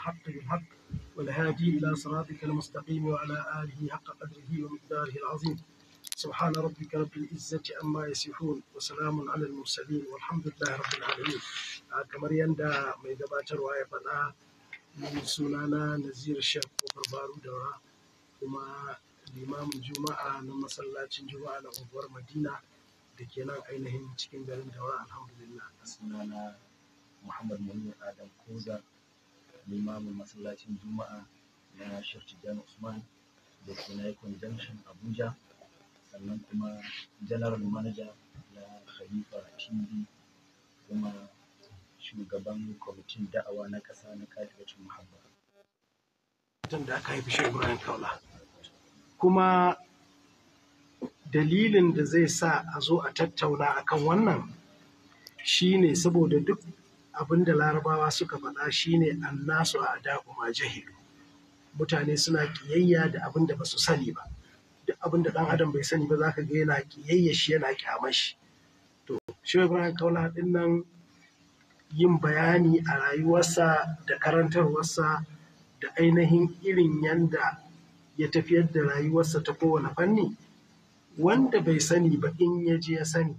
الحق بالحق والهادي إلى صراطك المستقيم وعلى آله حق قدره ومقداره العظيم سبحان ربك رب العزة عما يصفون وسلام على المرسلين والحمد لله رب العالمين kamar yadda mai gabatarwa ya faɗa ni sunana nazir shek kofar baru daura kuma limamin juma'a na masallacin juma'a na unguwar madina da ke nan ainihin cikin garin daura alhamdulillah sunana muhammad munir koza limamin masallacin juma'a na Sheikh Tijjani Usman da ke Nikon Junction Abuja sannan kuma general manager na Khalifa TV kuma shugaban kwamitin da'awa na ƙasa na kafircin muhabba. Tun da aka haifi Ibrahim Kaula. Kuma dalilin da zai sa a zo a tattauna akan wannan shi ne saboda duk Abin da larabawa suka faɗa shine annasu a da'u ma jahilu mutane suna kiyayya da abinda ba su sani ba duk abin da ɗan adam bai sani ba za ka ga yana kiyayya shi yana kyamashi. to shi ibrahim kaula ɗin nan yin bayani a rayuwarsa da karantarwarsa da ainihin irin yanda ya tafiyar da rayuwarsa ta kowane fanni wanda bai sani ba in ya je ya sani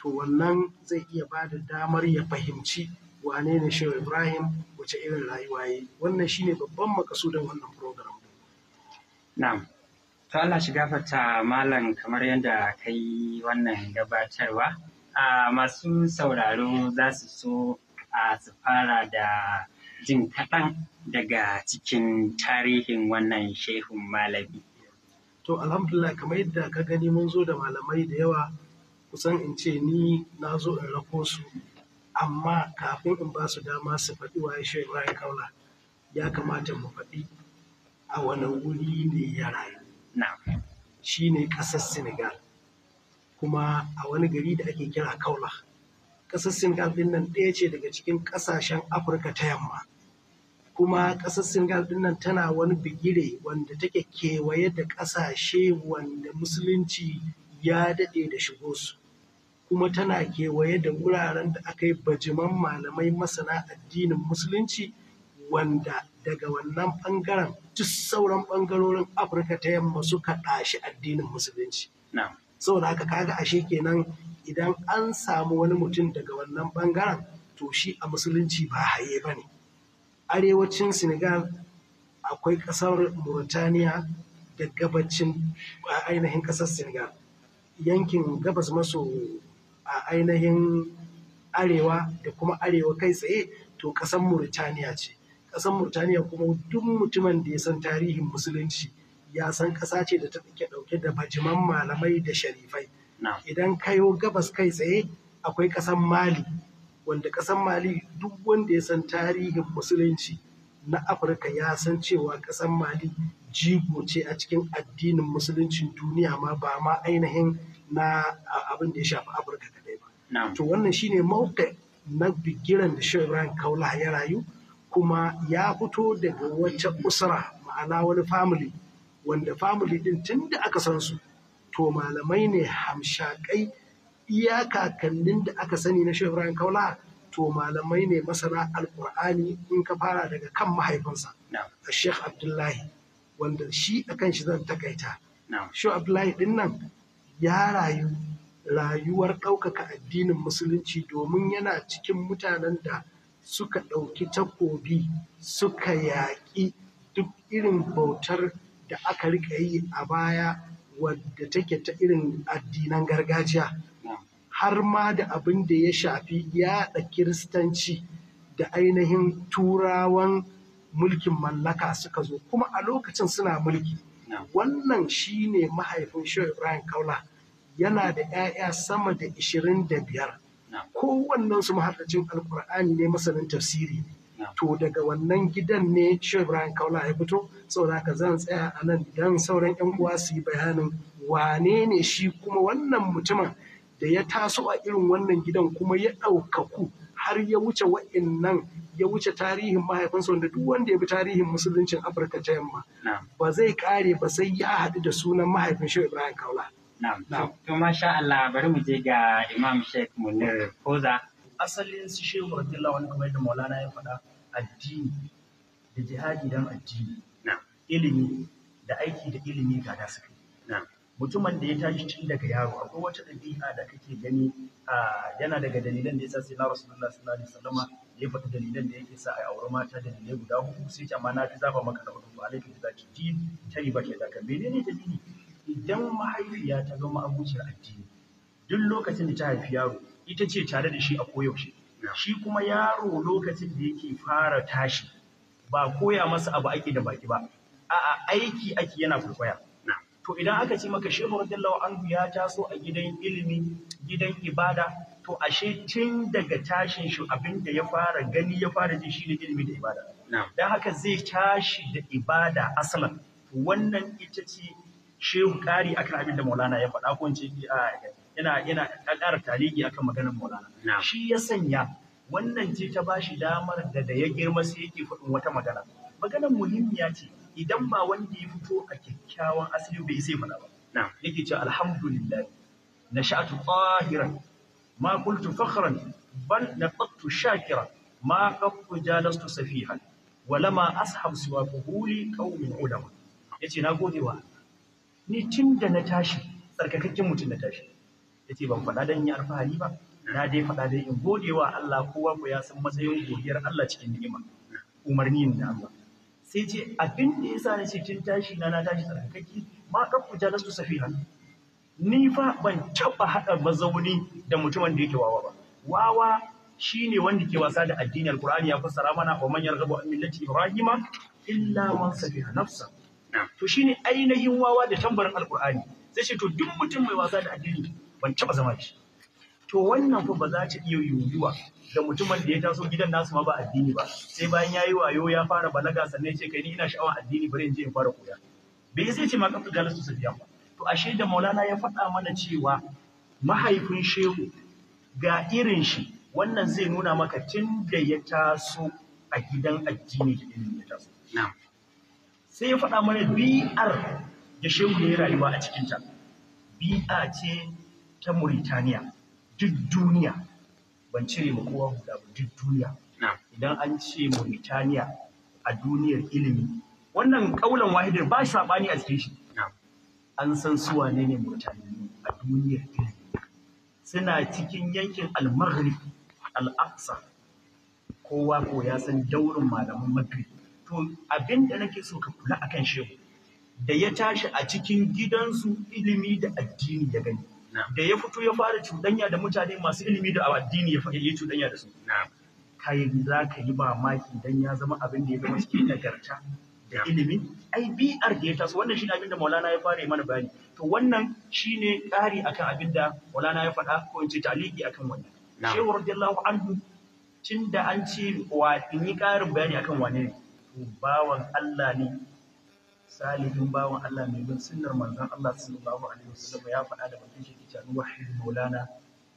to wannan zai iya ba da damar ya fahimci wane ne Shehu Ibrahim wace irin rayuwa yi wannan shine babban makasudin wannan program na'am to Allah shi gafarta malam kamar yadda ka yi wannan gabatarwa a masu sauraro za su so a su fara da jin kaɗan daga cikin tarihin wannan shehun malami to alhamdulillah kamar yadda ka gani mun zo da malamai da yawa kusan in ce ni na zo in rako su amma kafin in ba su dama su faɗi waye shi Ibrahim Kaula ya kamata mu faɗi a wani wuri ne ya rayu shi ne ƙasar Senegal kuma a wani gari da ake kira Kaula ƙasar Senegal ɗin nan ɗaya ce daga cikin ƙasashen Afirka ta yamma kuma ƙasar Senegal ɗin nan tana wani bigire wanda take kewaye da ƙasashe wanda musulunci ya daɗe da shigo su kuma tana kewaye da wuraren da aka yi bajiman malamai masana addinin musulunci wanda daga wannan ɓangaren duk sauran ɓangarorin afirka ta yamma suka ɗashi addinin musulunci saboda haka kaga ashe kenan idan an samu wani mutum daga wannan bangaren to shi a musulunci ba haye ba ne arewacin senegal akwai ƙasar mauritania da gabacin ainihin ƙasar senegal yankin gabas maso a ainihin arewa da kuma arewa kai tsaye to ƙasar Murtaniya ce. Ƙasar Murtaniya kuma duk mutumin da ya san tarihin musulunci ya san ƙasa ce da ta ɗauke ɗauke da bajiman malamai da sharifai. Idan kayo gabas kai tsaye akwai ƙasar Mali wanda ƙasar Mali duk wanda ya san tarihin musulunci na Afirka ya san cewa ƙasar Mali jigo ce a cikin addinin musulunci duniya ma ba ma ainihin na abin da ya shafi Afirka to wannan shine mauka na bigiran da shehu ibrahim kaula ya rayu kuma ya fito daga wacce usra ma'ana wani family wanda family din tun da aka san su to malamai ne hamshakai iya kakannin da aka sani na shehu ibrahim kaula to malamai ne masana alkur'ani in ka fara daga kan mahaifinsa a sheikh abdullahi wanda shi a kan shi zan takaita shehu abdullahi din nan ya rayu rayuwar ɗaukaka addinin musulunci domin yana cikin mutanen da suka ɗauki takobi suka yaƙi duk irin bautar da aka riƙa yi a baya wadda take ta irin addinan gargajiya har ma da abin da ya shafi yaɗa kiristanci da ainihin turawan mulkin mallaka suka zo kuma a lokacin suna mulki wannan shine mahaifin Shehu Ibrahim Kaula yana da 'ya'ya sama da da 25 kowannen su mahaɗacin alkur'ani ne masanin tafsiri to daga wannan gidan ne shehu ibrahim kaula ya fito saboda haka zan tsaya a nan don sauran 'yan uwa su yi bayanin wane ne shi kuma wannan mutumin da ya taso a irin wannan gidan kuma ya ɗauka ku? har ya wuce wa'innan ya wuce tarihin mahaifinsa wanda duk wanda ya bi tarihin musuluncin afirka ta yamma ba zai kare ba sai ya haɗu da sunan mahaifin shi ibrahim kaula To masha Allah bari mu je ga Imam Sheikh Munir Koza. Asalin su Shehu Abdullahi wani kamar da Maulana ya faɗa addini da jihadi dan addini. Ilimi da aiki da ilimi ga da suka Mutumin da ya tashi tun daga yaro akwai wata ɗabi'a da kake gani yana daga dalilan da ya sa sai na Rasulullah sallallahu alaihi wasallama ya faɗi dalilan da yake sa a aure mata dalilai guda hudu sai ce amma na fi zaba maka da hudu alaikum bi zati din tari ba ke da kan menene dalili idan mahaifiya ta zama abuciyar addini duk lokacin da ta haifi yaro ita ce tare da shi a koyaushe shi kuma yaro lokacin da yake fara tashi ba koya masa abu ake da baki ba a'a aiki ake yana kwaikwaya to idan aka ce maka shehu radiyallahu anhu ya taso a gidan ilimi gidan ibada to ashe tun daga tashin shi abin da ya fara gani ya fara ji shine ilimi da ibada dan haka zai tashi da ibada asalan wannan ita ce shehu ƙari akan abin da Maulana ya faɗa ko ce yana yana ƙara taliki akan maganar Maulana shi ya sanya wannan ce ta bashi damar da da ya girma sai yake faɗin wata magana maganar muhimmiya ce idan ba wanda ya fito a kyakkyawan asali bai sai faɗa ba yake ce alhamdulillah نشأت طاهرا ما قلت فخرا بل نطقت شاكرا ما قط جالست سفيها ولما أصحب سوى قبول yace na يتي wa. ni tun da na tashi tsarkakakken mutum na tashi ya ce ban faɗa don yi alfahari ba na dai faɗa don in godewa Allah kowa ku ya san matsayin godiyar Allah cikin ni'ima umarni ne na Allah sai ce abin da yasa na ce tun tashi na na tashi tsarkakakke ma kan ku su safiha ni fa ban taɓa haɗa mazauni da mutumin da yake wawa ba wawa shi ne wanda ke wasa da addinin alkur'ani ya fassara mana wa manyan rabu a millati ibrahima illa man safiha nafsa to shine ainihin wawa da tambarin alkur'ani sai ce to duk mutum mai wasa da addini ban taba zama shi to wannan fa ba za ta iya yiwuwa da mutumin da ya taso gidan nasu ma ba addini ba sai bayan ya yi wayo ya fara balaga sannan ce kai ni ina sha'awar addini bari in je in fara koya bai sai ce ma kafin galasu su biya ba to ashe da maulana ya faɗa mana cewa mahaifin shehu ga irin shi wannan zai nuna maka tun da ya taso a gidan addini da ilimi ya taso sai ya faɗa mana bi'ar da shehu ya rayuwa a cikinta bi'a ce ta Mauritania duk duniya ban cire ma kowa guda ba duk duniya idan an ce Mauritania a duniyar ilimi wannan kaulan wahidar ba sabani a cikin shi an san su wane ne Mauritaniya a duniyar ilimi suna cikin yankin al-Maghrib al-Aqsa kowa ko ya san daurin malaman Maghrib to abin da nake so ka kula akan shehu da ya tashi a cikin gidansu ilimi da addini ya gani da ya fito ya fara cuɗanya da mutane masu ilimi da addini ya yi cuɗanya da su kai za ka yi mamaki dan ya zama abin da ya zama cikin nagarta da ilimi ai bi'ar da ya taso wannan shine abin da Maulana ya fara yi mana bayani to wannan shine ƙari akan abin da Maulana ya faɗa ko in ce taliki akan wannan shehu radiyallahu anhu Tinda an ce wa in yi ƙarin bayani akan wane ne bawan Allah ne salihin bawan Allah mai bin sunnar manzon Allah sallallahu alaihi wasallam ya faɗa da bakin shi ta wahid maulana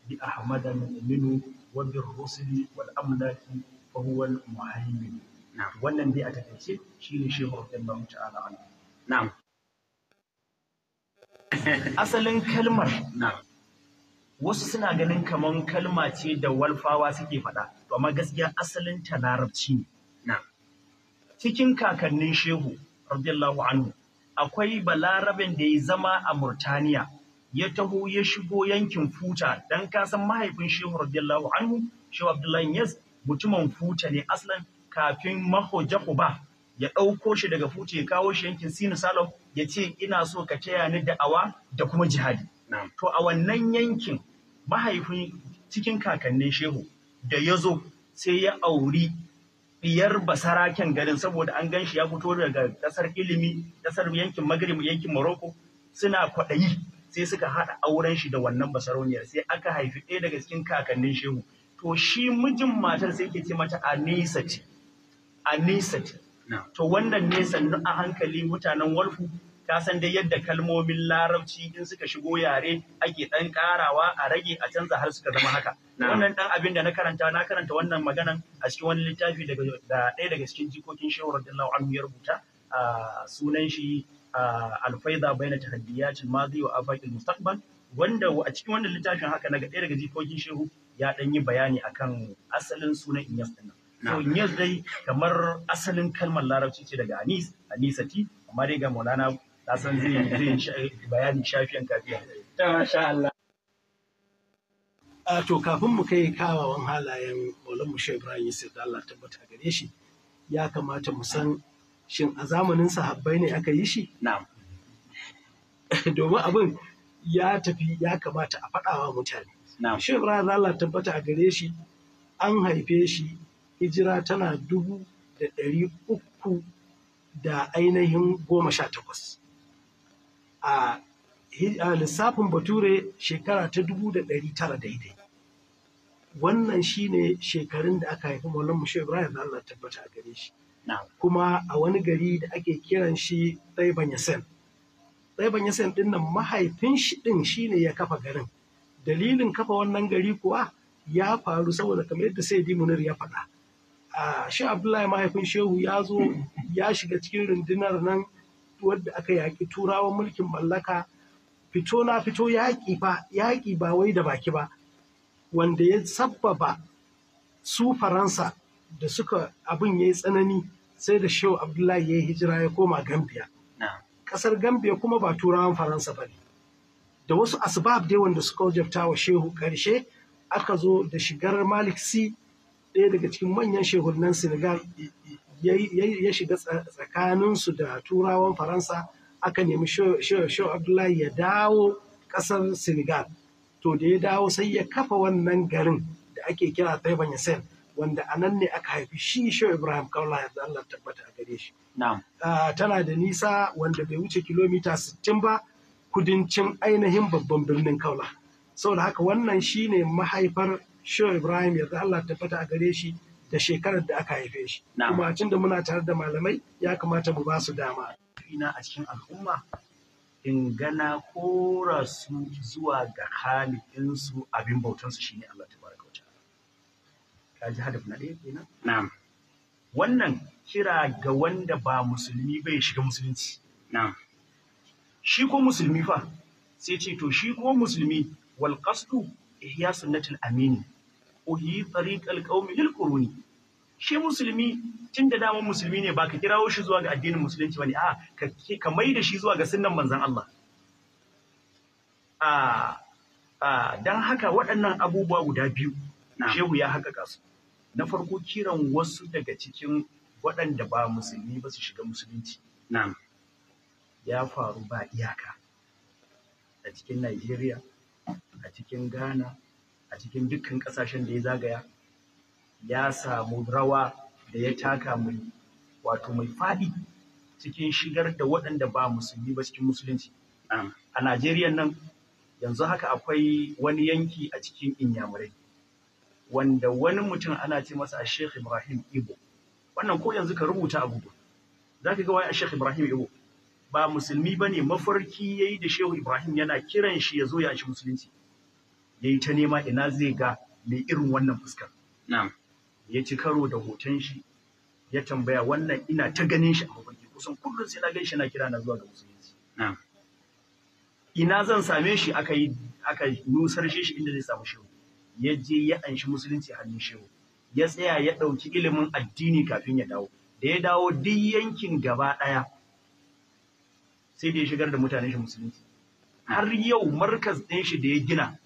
bi ahmada minu wa bi rusuli wal amlaki fa huwa al muhaimin wannan dai a takaice shine shehu radiyallahu ta'ala anhu na'am asalin kalmar na'am wasu suna ganin kamar kalma ce da walfawa suke faɗa to amma gaskiya asalin ta larabci ne cikin kakannin shehu radiyallahu anhu akwai balaraben da ya zama a murtaniya ya taho ya shigo yankin futa dan kasan mahaifin shehu radiyallahu anhu shehu abdullahi yas mutumin futa ne aslan kafin maho jahuba ya ɗauko shi daga futa ya kawo shi yankin sinu salom ya ce ina so ka taya ni da'awa da kuma jihadi to a wannan yankin mahaifin cikin kakannin shehu da ya zo sai ya auri Biyar basaraken garin saboda an gan shi ya fito daga kasar ilimi kasar yankin magrib yankin morocco suna kwaɗayi sai suka haɗa auren shi da wannan basarauniyar sai aka haifi ɗaya daga cikin kakannin shehu to shi mijin matar sai ke ce mata anisati ce, to wannan ne sannu a hankali mutanen walfu ka san dai yadda kalmomin larabci in suka shigo yare ake dan karawa a rage a canza har suka zama haka wannan dan abin da na karanta na karanta wannan maganan a cikin wani littafi daga da ɗaya daga cikin jikokin shehu radiyallahu anhu ya rubuta sunan shi alfaida baina tahaddiyatil madi wa afaqil mustaqbal wanda a cikin wannan littafin haka naga ɗaya daga jikokin shehu ya dan yi bayani akan asalin sunan inyas din to inyas dai kamar asalin kalmar larabci ce daga anis anisati amma dai ga maulana na san zai zai bayanin shafiyan kafiya ta masha Allah a ah, to kafin mu kai kawawan halayen Maulana Mushe Ibrahim Yusuf da Allah tabbata gare shi ya kamata mu san shin a zamanin sahabbai ne aka yi shi na'am domin abin ya tafi ya kamata a faɗawa mutane na'am Mushe Ibrahim Allah tabbata a gare shi an haife shi hijira tana dubu da ɗari uku da ainihin goma sha takwas a lissafin bature shekara ta dubu da ɗari tara daidai wannan shine shekarun da aka haifi Maulana Mushe Ibrahim da Allah tabbata a gare shi kuma a wani gari da ake kiran shi Taiban Yasen Taiban Yasen ɗinnan nan mahaifin shi ɗin shine ya kafa garin dalilin kafa wannan gari kuwa ya faru saboda kamar yadda sai Munir ya faɗa shi Abdullahi mahaifin Shehu ya zo ya shiga cikin rundunar nan wadda aka yaƙi turawan mulkin mallaka fito na fito yaƙi ba yaƙi ba wai da baki ba wanda ya sabbaba su faransa da suka abin ya yi tsanani sai da shehu abdullahi ya yi hijira ya koma gambia ƙasar gambia kuma ba turawan faransa ba ne da wasu asbab dai wanda suka wajabta wa shehu ƙarshe aka zo da shigar malik si ɗaya daga cikin manyan shehunan senegal ya shiga tsakaninsu da turawan faransa aka nemi shehu abdullahi ya dawo ƙasar senegal to da ya dawo sai ya kafa wannan garin da ake kira taiban yasen wanda a nan ne aka haifi shi shehu ibrahim kaula ya allah tabbata a gare shi tana da nisa wanda bai wuce kilomita 60 ba kudincin ainihin babban birnin kaula saboda haka wannan shine mahaifar shehu ibrahim ya allah tabbata a gare shi da shekarar da aka haife shi kuma cin da muna tare da malamai ya kamata mu ba su dama ina a cikin al'umma in gana kora su zuwa ga su abin bautansu shine Allah ta baraka wata ka ji hadaf na ɗaya kenan na'am wannan kira ga wanda ba musulmi bai shiga musulunci na'am shi ko musulmi fa sai ce to shi ko musulmi wal qasdu ihya sunnatul amini uhi tariqal qaumi lil quruni shi musulmi tun da daman musulmi ne ba ka kirawo shi zuwa ga addinin musulunci ba a ka mai da shi zuwa ga sunnan manzan Allah a ah, ah, don haka waɗannan abubuwa guda biyu shehu ya haka kasu na farko kiran wasu daga cikin waɗanda ba musulmi ba su shiga musulunci ya faru ba iyaka a cikin Najeriya a cikin Ghana a cikin dukkan kasashen da ya zagaya ya samu rawa da ya taka mai wato mai faɗi cikin shigar da waɗanda ba musulmi ba cikin musulunci a najeriya nan yanzu haka akwai wani yanki a cikin inyamurai wanda wani mutum ana ce masa a sheikh ibrahim ibo wannan ko yanzu ka rubuta a google za ka ga wai a sheikh ibrahim ibo ba musulmi ba ne mafarki ya yi da shehu ibrahim yana kiran shi ya zo ya ci musulunci ya yi ta nema ina zai ga mai irin wannan fuskar ya ci karo da hoton shi ya tambaya wannan ina ta ganin shi a mafarki kusan kullum sai na gan shi na kira na zuwa ga musulunci ina zan same shi aka yi aka nusar shi inda zai samu shehu ya je ya anshi musulunci hannun shehu ya tsaya ya ɗauki ilimin addini kafin ya dawo da ya dawo duk yankin gaba ɗaya sai da ya shigar da mutanen shi musulunci har yau markas ɗin shi da ya gina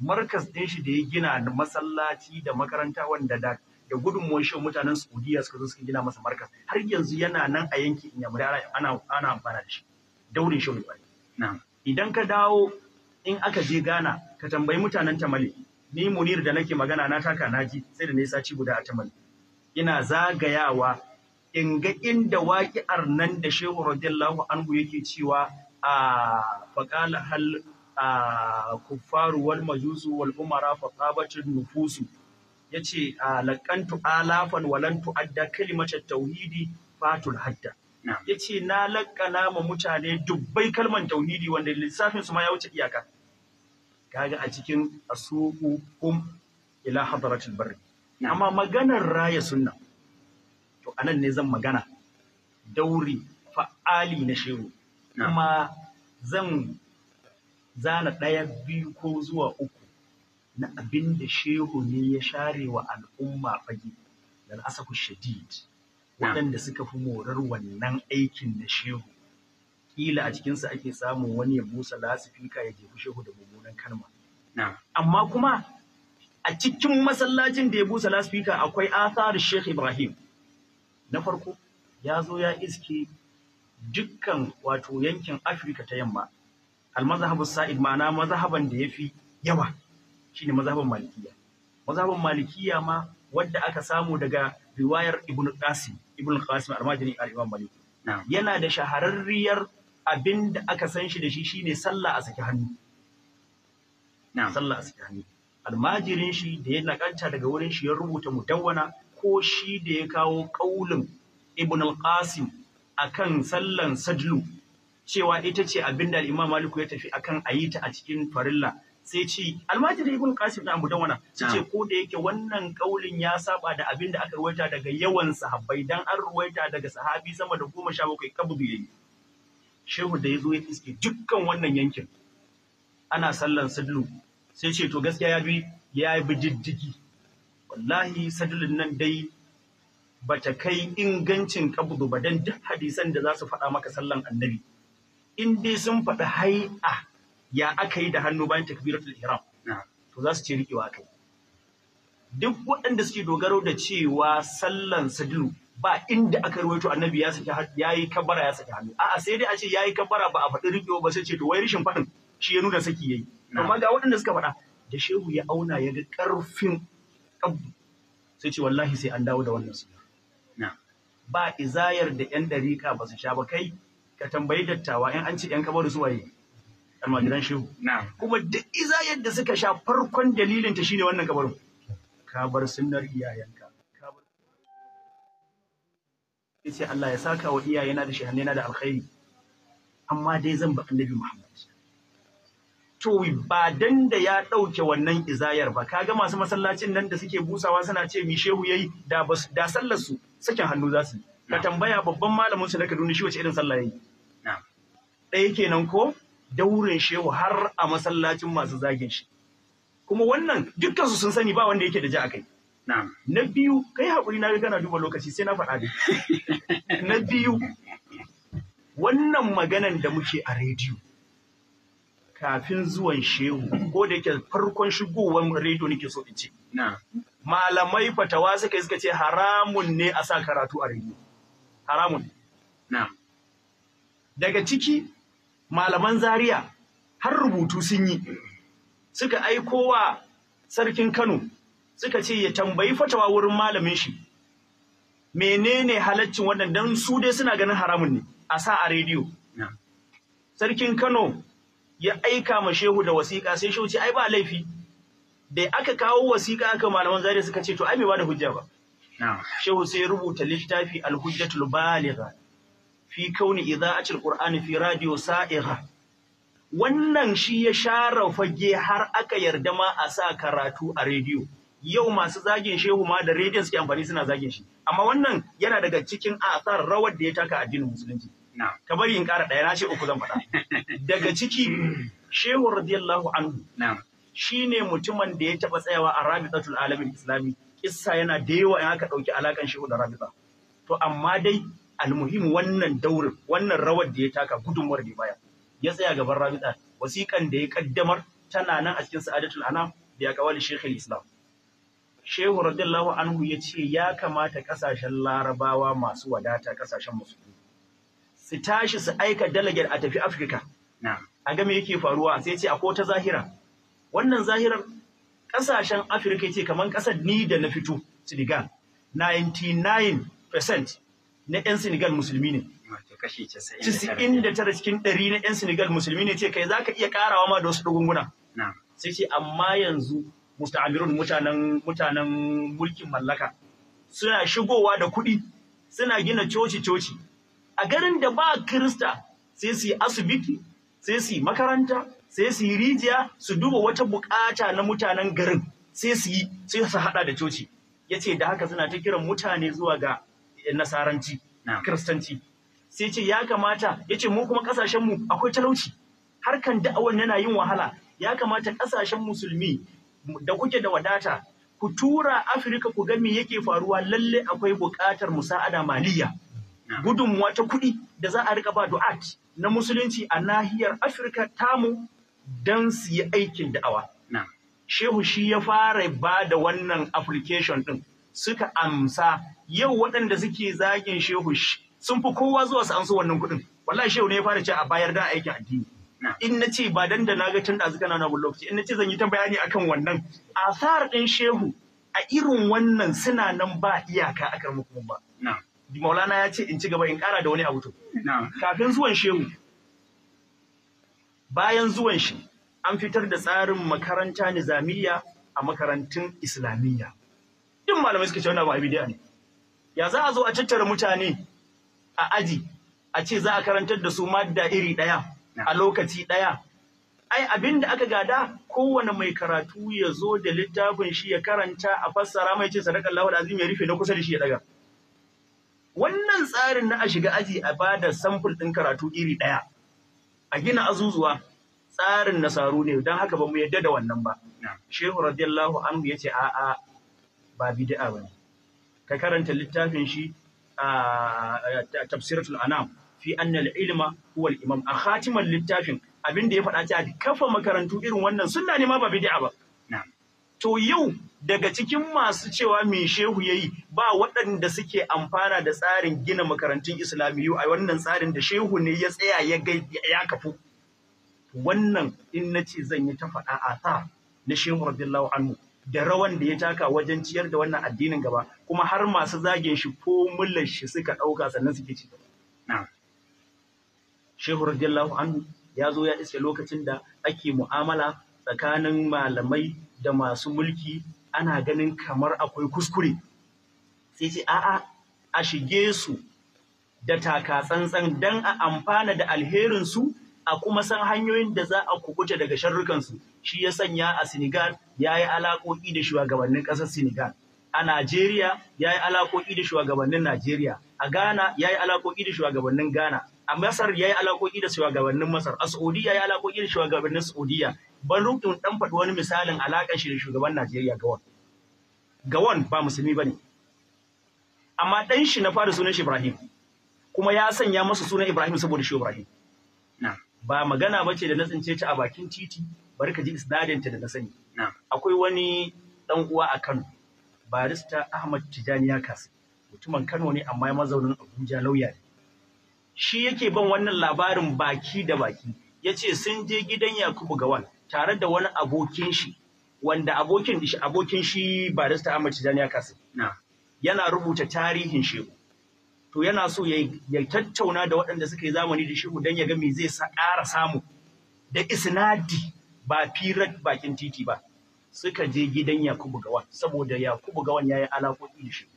markas ɗin shi da ya gina masallaci da makaranta wanda da da gudunmuwar shi mutanen Saudiya suka zo suka gina masa markas har yanzu yana nan a yankin Inyamurai ana ana amfana da shi daurin shi na idan ka dawo in aka je Ghana ka tambayi mutanen Tamale ni Munir da nake magana na taka naji sai da ne saci guda a Tamale ina zagayawa in ga inda waƙi'ar nan da Shehu radiyallahu anhu yake cewa a ah, faqala hal a kufaru wal majusu wal umara fa tabatin nufusu yace laqantu alafan walan tu'adda kalimatu tauhidi fatul hadda yace na laƙana ma mutane dubbai kalman tauhidi wanda lissafin su ma ya wuce iyaka kaga a cikin asuqu kum ila hadratil bar amma maganar raya sunna to anan ne zan magana dauri fa'ali na shehu kuma zan zana ɗaya biyu ko zuwa uku na abin da shehu ne ya share wa al'umma fage da asafu shadid waɗanda suka fi morar wannan aikin da shehu ƙila a cikinsa ake samun wani ya busa lasifika ya jefi shehu da mummunan kalma amma kuma a cikin masallacin da ya busa lasifika akwai asarar Shekh ibrahim na farko ya zo ya iske dukkan wato yankin afirka ta yamma al-mazhabu sa'id ma'ana mazhaban da yafi yawa shine mazhaban malikiya mazhaban malikiya ma wadda aka samu daga riwayar ibn qasim ibn qasim al-majani al-imam malik yana da shahararriyar abin da aka san shi da shi shine sallah a saki hannu sallah a saki hannu almajirin shi da ya nakanta daga wurin shi ya rubuta mudawwana ko shi da ya kawo kaulin ibn al-qasim akan sallan sajlu cewa ita ce abin da Imam Maliku ya tafi akan a yi ta a cikin farilla sai ce almajiri ibn Qasim da Abu Dawana sai ce ko da yake wannan kaulin ya saba da abin da aka ruwaita daga yawan sahabbai dan an ruwaita daga sahabi sama da goma sha bakwai kabu yayi shehu da ya zo ya iske dukkan wannan yankin ana sallan sadlu sai ce to gaskiya ya bi ya bi diddigi wallahi sadlin nan dai bata kai ingancin kabudu ba dan duk hadisan da za su faɗa maka sallan annabi in dai sun faɗi hai'a ya aka yi da hannu bayan takbiratul ihram to za su ce riƙewa kai duk waɗanda suke dogaro da cewa sallan sadilu ba inda aka rawaito annabi ya saki yi kabbara ya saki hannu a'a sai dai a ce ya yi kabara ba a faɗi riƙewa ba sai ce to wai rishin faɗin shi ya nuna saki yayi amma ga waɗanda suka faɗa da shehu ya auna ya ga ƙarfin ƙabdu sai ce wallahi sai an dawo da wannan sunna ba izayar da yan dariƙa ba su sha ba kai ka tambayi dattawa in an ce yan kabaru su waye almajiran shehu kuma duk iza yadda suka sha farkon dalilin ta shine wannan kabarin ka bar sunnar iyayenka ka Allah ya saka wa iyayena da shehannena da alkhairi amma dai zan ba annabi Muhammad to ba dan da ya ɗauke wannan izayar ba kaga masu masallacin nan da suke busawa suna ce mi shehu yayi da da sallar su sakin hannu za su yi ka tambaya babban malamin su na Kaduna shi wace irin sallah yayi ɗaya kenan ko daurin shehu har a masallacin masu zagin shi kuma wannan dukkan su sun sani ba wanda yake da ji a kai na biyu kai hakuri na gana duba lokaci sai na faɗa da na biyu wannan maganan da muke a rediyo kafin zuwan shehu ko da yake farkon shigowar rediyo nake so in ce malamai fatawa suka yi suka ce haramun ne a sa karatu a rediyo haramun na'am daga ciki malaman zaria har rubutu sun yi suka aiko wa sarkin Kano suka ce ya tambayi fatawa wurin malamin shi menene halaccin wannan dan su dai suna ganin haramun ne a sa a rediyo sarkin Kano ya aika ma shehu da wasiƙa sai shehu ce ai ba laifi da aka kawo wasiƙa aka malaman zaria suka ce to ai me ba da hujja ba shehu sai rubuta littafi alhujjatul hujjatul baligha fi kauni idha'atil qur'ani fi radio sa'igha wannan shi ya share fage har aka yarda ma a sa karatu a rediyo yau masu zagin shehu ma da rediyon suke amfani suna zagin shi amma wannan yana daga cikin asar rawar da ya taka addinin musulunci ka bari in ƙara ɗaya na ce uku zan faɗa daga ciki shehu radiyallahu anhu shine mutumin da ya taɓa tsayawa a rabitatul alamin islami kissa yana da yawa in aka ɗauki alakan shehu da rabita to amma dai almuhim wannan daurin wannan rawar da ya taka gudunmuwar da baya ya tsaya gaban rabisa wasiƙan da ya kaddamar tana nan a cikin sa'adatul anam da ya kawali shekhul islam shehu radiyallahu anhu ya ce ya kamata kasashen larabawa masu wadata kasashen musulmi su tashi su aika delegate a tafi afirka a game yake faruwa sai ce a ko ta zahira wannan zahirar Ƙasashen Afirka ce kamar ƙasar ni da na fito Senegal 99% na 'yan Senegal musulmi ne. Cisin da tara cikin ɗari na 'yan Senegal musulmi ne ce kai za ka iya ƙarawa ma da wasu ɗugunguna. Sai ce amma yanzu musta'amirun mutanen mutanen mulkin mallaka suna shigowa da kuɗi suna gina coci-coci a garin da ba Kirista sai su yi asibiti sai su yi makaranta sai su yi rijiya su duba wata bukata na mutanen garin sai su yi sai su hada da coci ya ce da haka suna ta kiran mutane zuwa ga eh, nasaranci kiristanci sai ce ya kamata ya ce mu kuma kasashenmu akwai talauci harkan da'awan yana yin wahala ya kamata kasashen musulmi da kuke da wadata ku tura afirka ku gami me yake faruwa lalle akwai buƙatar musa'ada Maliyya. gudunmuwa ta kuɗi da za a riƙa ba du'at na musulunci a nahiyar afirka tamu don su yi aikin da'awa. Shehu shi ya fara ba da wannan application din. suka amsa yau waɗanda suke zagin shehu sun fi kowa zuwa su amsa wannan kuɗin. Wallahi shehu ne ya fara ce a bayar da aikin addini. In na ce ba dan da na ga tun da na na lokaci in na ce zan yi ta bayani akan wannan asar ɗin shehu a irin wannan suna nan ba iyaka akan muku ba. Maulana ya ce in ci gaba in kara da wani abu to. Kafin zuwan shehu bayan zuwan shi an fitar da tsarin makaranta nizamiya a makarantun islamiyya duk malamai suka ce wannan abu a ne ya za a zo a tattara mutane a aji a ce za a karantar da su madda iri ɗaya a lokaci ɗaya ai abin da aka gada kowane mai karatu ya zo da littafin shi ya karanta a fassara mai ce sadaka Allahu azim ya rufe na kusa da shi ya daga wannan tsarin na a shiga aji a ba da samfur ɗin karatu iri ɗaya a gina azuzuwa tsarin nasaru ne don haka ba mu yadda da wannan ba shehu radiyallahu anhu yace a a'a ba bid'a ne, ka karanta littafin shi a tafsiratul anam fi annal al-ilma huwa al-imam a khatiman littafin abin da ya faɗa ta kafa makarantu irin wannan sunna ne ma ba bid'a ba to yau daga cikin masu cewa mai shehu ya yi ba waɗanda suke amfana da tsarin gina makarantun islamiyu a wannan tsarin da shehu ne ya tsaya ya kafu wannan in na ce zan yi ta faɗa a ta na shehu radiyallahu anhu da rawan da ya taka wajen ciyar da wannan addinin gaba kuma har masu zagin shi ko mullar shi suka ɗauka sannan suke ci gaba. Shehu radiyallahu anhu ya zo ya iske lokacin da ake mu'amala tsakanin malamai da masu mulki ana ganin kamar akwai kuskure sai ce a'a a shige su da taka tsantsan don a amfana da alherinsu a kuma san hanyoyin da za a kubuta daga sharrukansu shi ya sanya a Senegal ya yi alaƙoƙi da shugabannin ƙasar Senegal a Najeriya ya yi alaƙoƙi da shugabannin Najeriya a Ghana ya yi alaƙoƙi da shugabannin Ghana a Masar ya yi alaƙoƙi da shugabannin Masar a Saudiya ya yi alaƙoƙi da shugabannin Saudiya ban rukun ɗan faɗi wani misalin alaƙar shi da shugaban Najeriya Gawon Gawon ba musulmi ne. amma ɗan shi na fara sunan shi Ibrahim kuma ya sanya masa sunan Ibrahim saboda shi Ibrahim ba magana ba ce da na tsince ta a bakin titi bari ka ji isnadin ta da na sani akwai wani ɗan uwa a Kano barista Ahmad Tijani ya kasi mutumin Kano ne amma mazaunin Abuja lauya ne shi yake ban wannan labarin baki da baki yace sun je gidan Yakubu Gawan tare da wani abokin shi wanda abokin shi abokin shi barista Ahmad Tijani ya kasu yana rubuta tarihin shehu to yana so ya tattauna da waɗanda suka yi zamani da shehu dan ya ga me zai ƙara samu da isnadi ba firar bakin titi ba suka je gidan Yakubu Gawan saboda Yakubu Gawan yi alaƙoƙi da shehu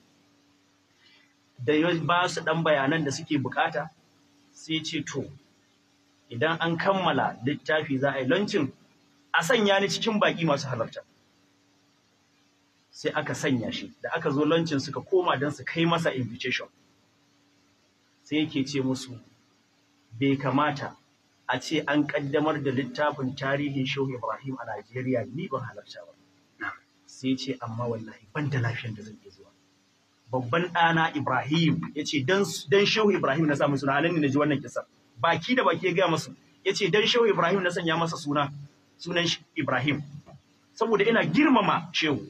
da ya ba su ɗan bayanan da suke bukata sai ce to idan an kammala littafi za a yi lancin a sanya ni cikin baƙi masu halarta sai aka sanya shi da aka zo lancin suka koma don su kai masa invitation sai yake ce musu bai kamata a ce an ƙaddamar da littafin tarihin shehu ibrahim a najeriya ni ban halarta ba sai ce amma wallahi ban da lafiyan da zan iya zuwa babban ɗana Ibrahim ya ce don shehu Ibrahim na samun suna halin ne na ji wannan kisa baki da baki ya gaya masu ya ce don shehu Ibrahim na sanya masa suna sunan Ibrahim saboda ina girmama shehu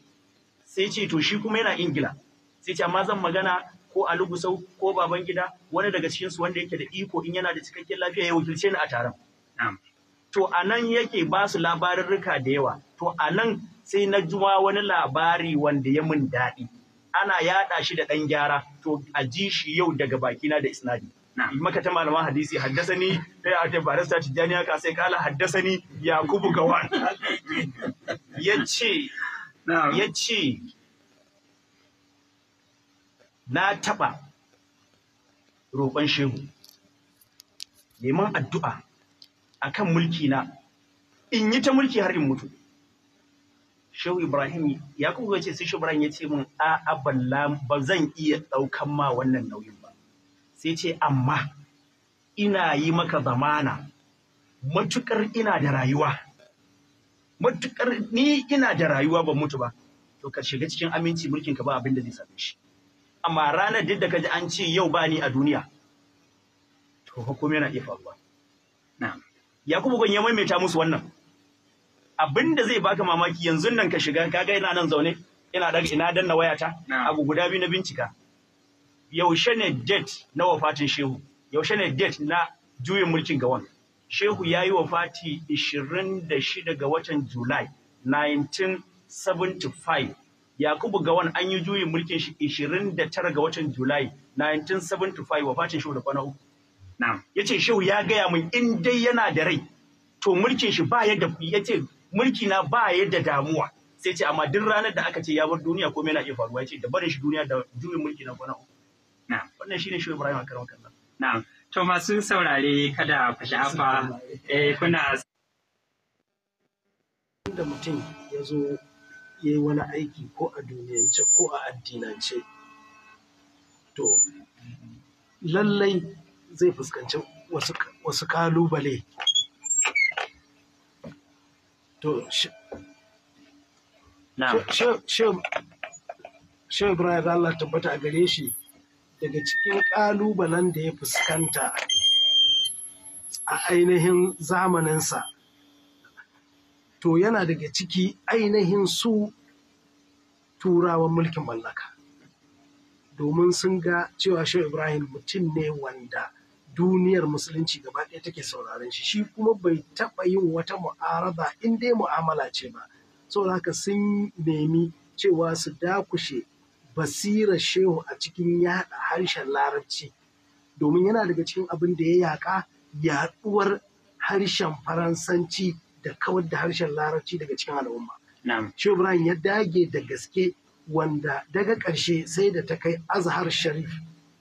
sai ce to shi kuma yana Ingila sai ce amma zan magana ko a lugusau ko baban gida wani daga cikin su wanda yake da iko in yana da cikakken lafiya ya wakilce ni a taron to a nan yake ba su labarurruka da yawa to a nan sai na juma wani labari wanda ya mun daɗi ana yaɗa shi da ɗan gyara to a ji shi yau daga bakina da isnadi maka ta malaman hadisi haddasani Ta ya ta barista janiya ka sai kala haddasani yakubu gawan Ya ce na taɓa roƙon shehu neman addu'a akan mulki na in yi ta mulki har in mutu shehu ibrahim ya kuma ce sai shehu ibrahim ya ce min a abala ba zan iya ɗaukan ma wannan nauyin ba sai ce amma ina yi maka zamana matukar ina da rayuwa matukar ni ina da rayuwa ba mutu ba to ka shiga cikin aminci mulkin ka ba abin da zai same shi amma ranar duk da ka ji an ce yau ba ni a duniya to hukum yana iya faruwa na'am yakubu gon ya maimaita musu wannan abin da zai baka mamaki yanzu nan ka shiga ka ga ina nan zaune ina daga ina danna wayata abu guda biyu na bincika yaushe ne date na wafatin shehu yaushe ne date na juyin mulkin gawan shehu ya yi wafati 26 ga watan july 1975 yakubu gawan an yi juyin mulkin shi 29 ga watan july 1975 wafatin shehu da kwana uku ya ce shehu ya gaya min in dai yana da rai to mulkin shi ba yadda ya ce mulki na ba yadda damuwa sai ce amma duk ranar da aka ce ya bar duniya komai na iya faruwa ce da barin shi duniya da juyin mulki na kwana uku wannan shine shi Ibrahim Akaram Kallan na'am to masu saurare kada ku sha'afa eh kuna da mutum ya zo ya yi wani aiki ko a duniyance ko a addinance to lallai zai fuskanci wasu kalubale to shehu ibrahim Allah tabbata a gare shi daga cikin ƙalubalen da ya fuskanta a ainihin zamaninsa to yana daga ciki ainihin su turawan mulkin mallaka domin sun ga cewa shehu ibrahim mutum ne wanda duniyar musulunci gaba ɗaya take sauraron shi shi kuma bai taɓa yin wata mu'arada in dai mu'amala ce ba saboda haka sun nemi cewa su dakushe basirar shehu a cikin yaɗa harshen larabci domin yana daga cikin abin da ya yaƙa yaɗuwar harshen faransanci da kawar da harshen larabci daga cikin al'umma. Shehu Ibrahim ya dage da gaske wanda daga ƙarshe sai da ta kai azhar sharif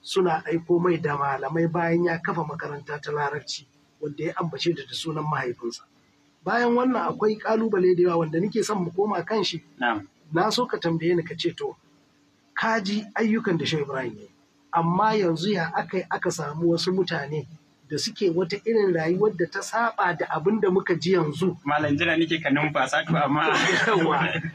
suna aiko mai da malamai bayan ya kafa makaranta ta larabci wanda ya ambace da sunan mahaifinsa. Bayan wannan akwai kalubale da yawa wanda nake son mu koma kan shi. Na so ka tambaye ni ka ce to ka ji ayyukan da Shehu Ibrahim ya Amma yanzu ya aka aka samu wasu mutane da suke wata irin rayuwar da ta saba da abinda muka ji yanzu. Malam jira nake ka numfasa to amma.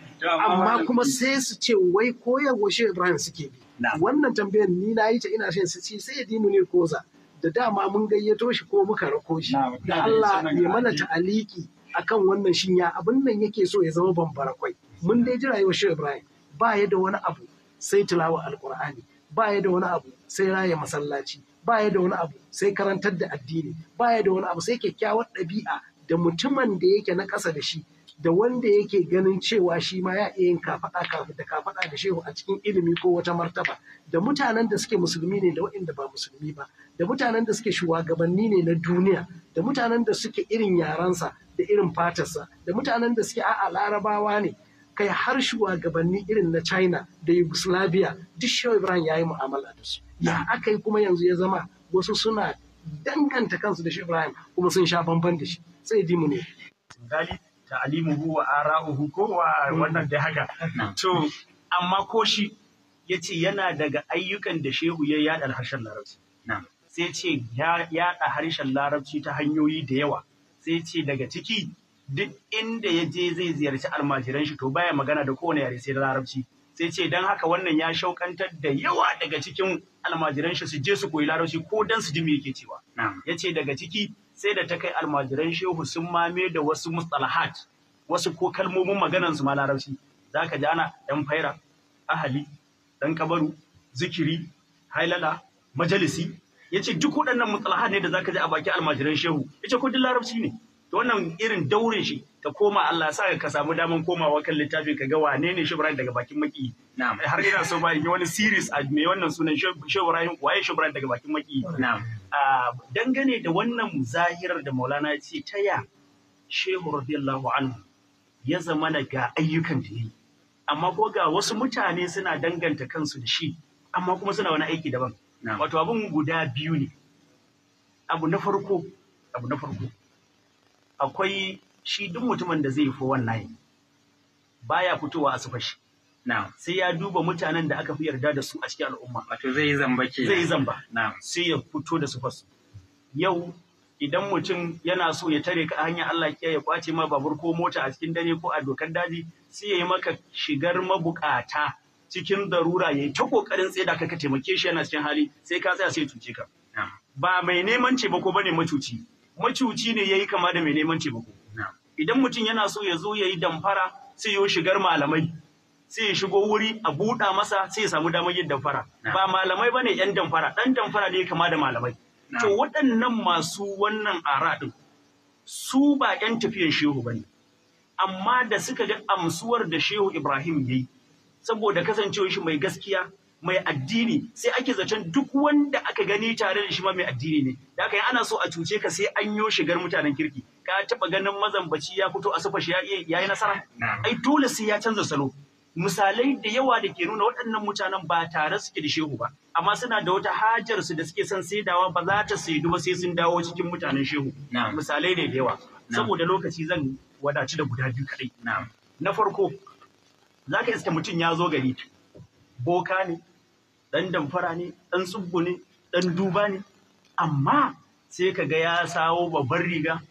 amma kuma sai su ce wai koyarwa shi Ibrahim suke bi wannan tambayar ni na yi ta ina shan su ce sai ya dimu ne koza da dama mun gayyato shi ko muka rako shi da Allah ya mana ta'aliki akan wannan shinya abin nan yake so ya zama bambara kwai mun dai jira yi shi Ibrahim ba ya da wani abu sai tilawa alkur'ani ba ya da wani abu sai raya masallaci ba ya da wani abu sai karantar da addini ba ya da wani abu sai kyakkyawar ɗabi'a da mutumin da yake na ƙasa da shi da wanda yake ganin cewa shi ma ya iya yin kafaɗa da kafaɗa da shehu a cikin ilimi ko wata martaba da mutanen da suke musulmi ne da waɗanda ba musulmi ba da mutanen da suke shugabanni ne na duniya da mutanen da suke irin yaransa da irin fatarsa da mutanen da suke a'a larabawa ne kai har shugabanni irin na china da yugoslavia duk shehu ibrahim ya yi mu'amala da su ya aka yi kuma yanzu ya zama wasu suna danganta kansu da shehu ibrahim kuma sun sha bamban da shi sai dimu ne ta'alimuhu wa ara'uhu ko wa wannan dai haka to amma ko shi ya ce yana daga ayyukan da shehu ya yada harshen larabci sai ce ya yada harshen larabci ta hanyoyi da yawa sai ce daga ciki duk inda ya je zai ziyarci almajiran shi to baya magana da kowane yare sai da larabci sai ce don haka wannan ya shaukantar da yawa daga cikin almajiran shi su je su koyi larabci ko dan su ji me yake cewa ya ce daga ciki sai da ta kai almajiran shehu sun mame da wasu mustalahat wasu ko kalmomin maganan su ma larabci zaka ji ana dan faira ahali dan kabaru zikiri hailala majalisi yace duk waɗannan mustalahat ne da zaka ji a baki almajiran shehu yace ko duk larabci ne wannan irin daurin shi ka koma Allah sa ka samu daman komawa kan littafi ka ga wane ne Shehu daga bakin maki har yana so ba yi wani series a me wannan sunan Shehu Ibrahim waye Shehu daga bakin maki dangane da wannan zahirar da Maulana ya ce ta ya Shehu radiyallahu anhu ya zama ga ayyukan da yi amma ko ga wasu mutane suna danganta kansu da shi amma kuma suna wani aiki daban wato abin guda biyu ne abu na farko abu na farko akwai shi duk mutumin da zai fi wannan baya fitowa a sufa shi sai ya duba mutanen da aka fi yarda da su a cikin al'umma wato zai yi zamba ke zai yi zamba sai ya fito da sufar su yau idan mutum yana so ya tare ka hanya Allah ya ya kwace ma babur ko mota a cikin dare ko a dokar daji sai ya yi maka shigar mabukata cikin darura ya yi ta kokarin tsaida ka ka taimake shi yana cikin hali sai ka tsaya sai tuce ka ba mai neman ce ba ko bane macuci macuci ne ya yi kama da mai neman taimako idan mutum yana so ya zo ya yi damfara sai ya shigar malamai sai ya shigo wuri a buɗa masa sai ya samu damar yin damfara ba malamai ba ne yan damfara ɗan damfara ne kama da malamai to waɗannan masu wannan ara ɗin su ba yan tafiyan shehu ba ne? amma da suka ga amsuwar da shehu Ibrahim ya yi saboda kasancewa shi mai gaskiya mai addini sai ake zaton duk wanda aka gani tare da shi ma mai addini ne da aka yi ana so a cuce ka sai an yo shigar mutanen kirki ka taba ganin mazambaci ya fito a sufa shi ya yi nasara ai dole sai ya canza salo misalai da yawa da ke nuna waɗannan mutanen ba tare suke da shehu ba amma suna da wata hajar su da suke son saidawa ba za ta saidu ba sai sun dawo cikin mutanen shehu misalai ne da yawa saboda lokaci zan wadaci da guda biyu kaɗai na farko za ka iska mutum ya zo gari boka ne ɗan damfara ne ɗan tsubbu ne ɗan duba ne amma sai ka ga ya sawo babban riga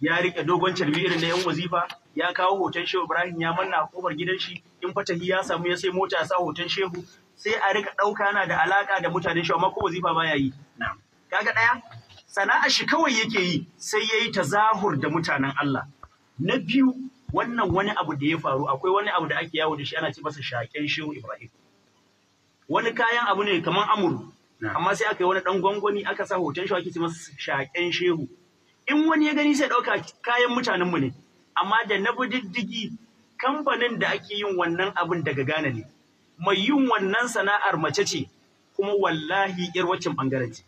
ya riƙe dogon calmi irin na yan wazifa ya kawo hoton shehu ibrahim ya manna a kofar gidan shi in fatahi ya samu ya sai mota ya sa hoton shehu sai a rika ɗauka yana da alaƙa da mutanen shi amma ko wazifa ya yi kaga ɗaya sana'a shi kawai yake yi sai ya yi tazahur da mutanen Allah na biyu wannan wani abu da ya faru akwai wani abu da ake yawo da shi ana ce masa shaƙen shehu Ibrahim wani kayan abu ne kamar amuru amma sai aka yi wani dan gwangwani aka sa hoton shi ake masu shaken shaƙen shehu in wani ya gani sai ɗauka kayan mutanen mu ne amma da na diddigi kamfanin da ake yin wannan abun daga Ghana ne mai yin wannan sana'ar mace ce kuma wallahi irwacin waccan bangaren ce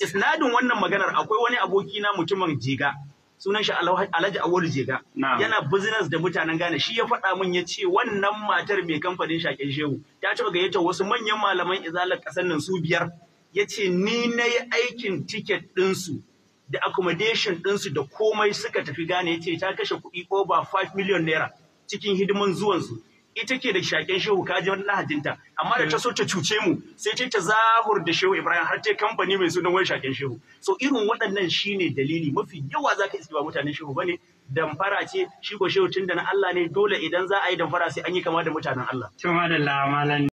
isnadin wannan maganar akwai wani abokina mutumin jiga sunan shi Alhaji Awolu Jega yana business da mutanen Ghana shi ya faɗa min ya ce wannan matar mai kamfanin shaƙen shehu ta taɓa gayyata wasu manyan malaman izalar ƙasar nan su biyar ya ce ni na yi aikin ticket ɗinsu da accommodation ɗinsu da komai suka tafi Ghana ya ce ta kashe kuɗi over 5 million naira cikin hidiman zuwansu ita ke da shaƙen shehu kaji wani lahajinta amma da ta so ta cuce mu sai ce ta zahur da shehu ibrahim har ta kamfani mai sunan wani shaƙen shehu so irin waɗannan shi ne dalili mafi yawa zaka iske ba mutanen shehu ne damfara ce shi ko shehu tun da na Allah ne dole idan za a yi damfara sai an yi kama da mutanen Allah lamalan.